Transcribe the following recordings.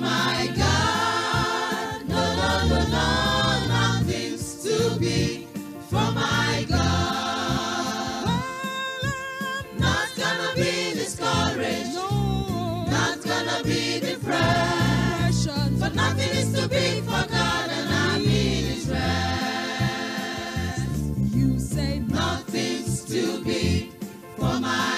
my God. No, no, no, no, nothing's to be for my God. Not gonna be discouraged. Not gonna be depressed. For nothing is too big for God, and I mean His rest. You say nothing's too big for my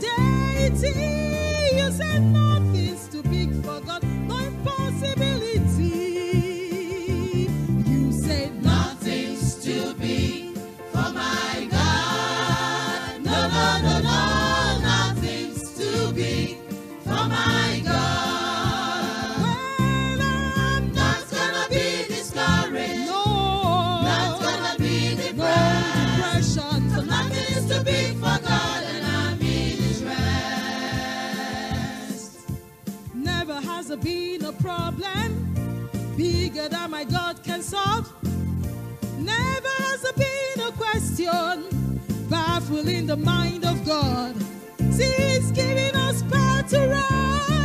deity. You said nothing's too big for God, no impossibility. You said nothing's too big for my God. No, no, no, no, nothing's too big for my never has been a problem bigger than my God can solve. Never has been a question baffling the mind of God. See, He's giving us power to rise.